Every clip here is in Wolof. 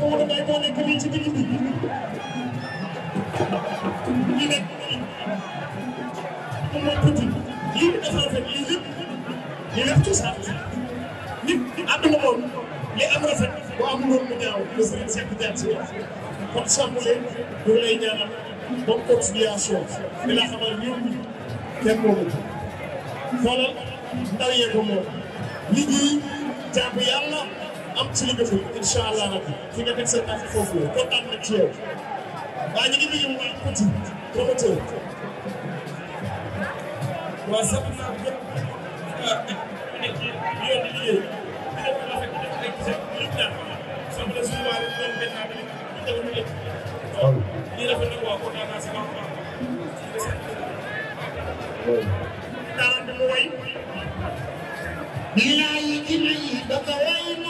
Modou Mbaye moo nekk nii ci digg bi ñu nekk moom mooy tuuti lii dafa moom li am rafet bu amul woon mu ñaaw le sëriñ Seck Diagne si wax kon sàmm leen ñu lay ñaanal bonne continuation di la xamal ñoom kenn moomu xoolal ndaw yee ko moom liggéey jaamu yàlla am ci li nga fi incha allah rabbi fi nga teg sa tànk foofu la kontaan nañ ci yow. waa ñu ngi nuyu bu baax petit promoteur. waa sax naa gën a nekk ci yoon bi liggéey bi def ko rafet def rek seen lim naa soo ko def suñu waa rek ñoom benn naa ba nekk ñu def lu nekk. waaw lii rafet na waa kontaan naa si baax a baax. daanaka mu way. bilaayi ki may dafa way na.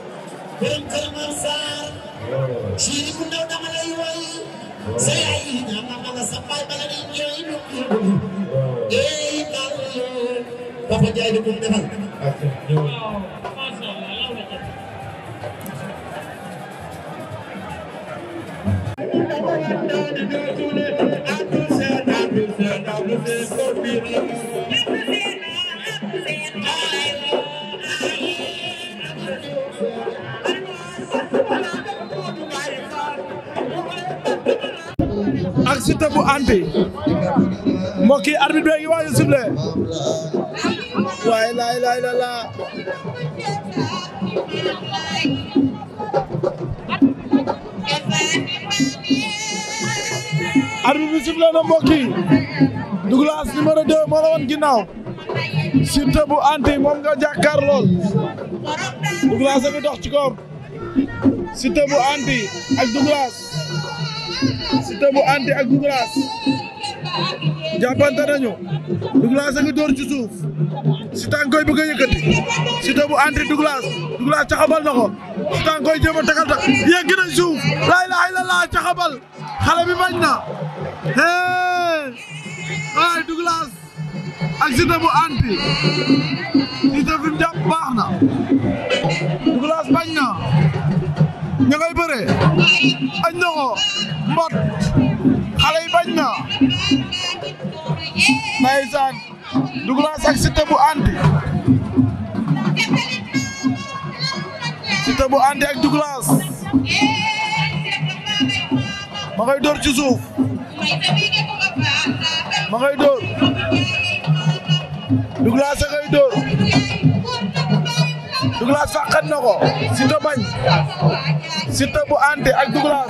borom kër maam Sarr. ci bu ndaw dama lay woy. sa yaay yi ñaan na nga sa baay bala di ñëw ñu ngi. eh daal Papa Ndiaye di ko defal. Thank you. Siteu bu anti mbokk yi arbitre bi ngi waaj a sifflé la laa arbitre bi sifflé na mbokk yi Douglas numéro moo la woon ginnaaw bu anti moom nga jàkkaar lool Douglas a ngi dox ci koom Siteu bu anti ak Douglas Siteu bu anti ak Douglas jàppante nañu Douglas a ngi koy bëgg a yëkkati Siteu bu anti na ko Siteu koy jéem a tegal tak yegg na suuf laa ilaaha illallaah caxabal xale bi bañ na ay Douglas ak Siteu anti Siteu fi mu jàpp baax na na bëre añ na ko mbot xale yi bañ na ndeysaan dugg naa sax bu anti Siteu bu ànd ak Douglas ma ngay dóor ci suuf ma ngay dóor Douglas fàqat na ko Siteu ante ak Douglas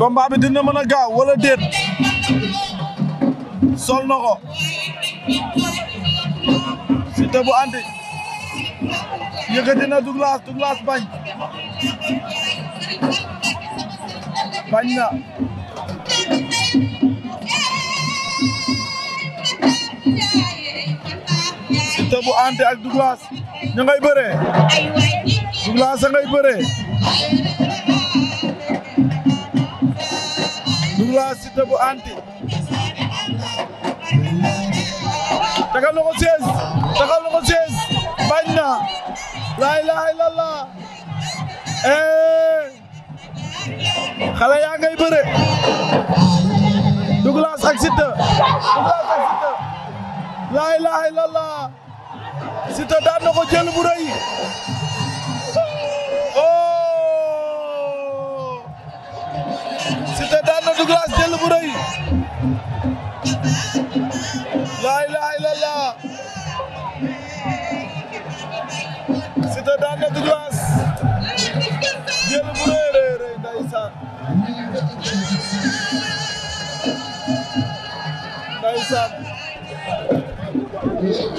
combat bi dina mën a gaaw wala déet sol na ko Siteu bu andi yëkkati na Douglas Douglas bañ bañ na Siteu bu andi ak Douglas ña ngay bëree Douglas a ngay bëree Abdoulaye Siteu bu na ko laa ilaaha illallaah xale yaa ngay bëre Douglas ak Siteu Douglas ak Siteu laa ilaaha illallaah Siteu daan na jël bu rëy Caatu Glass jël bu rëy laa ilaaha illallaah Siteu daan na Glass jël bu rëy rëy rëy ndeysaan ndeysaan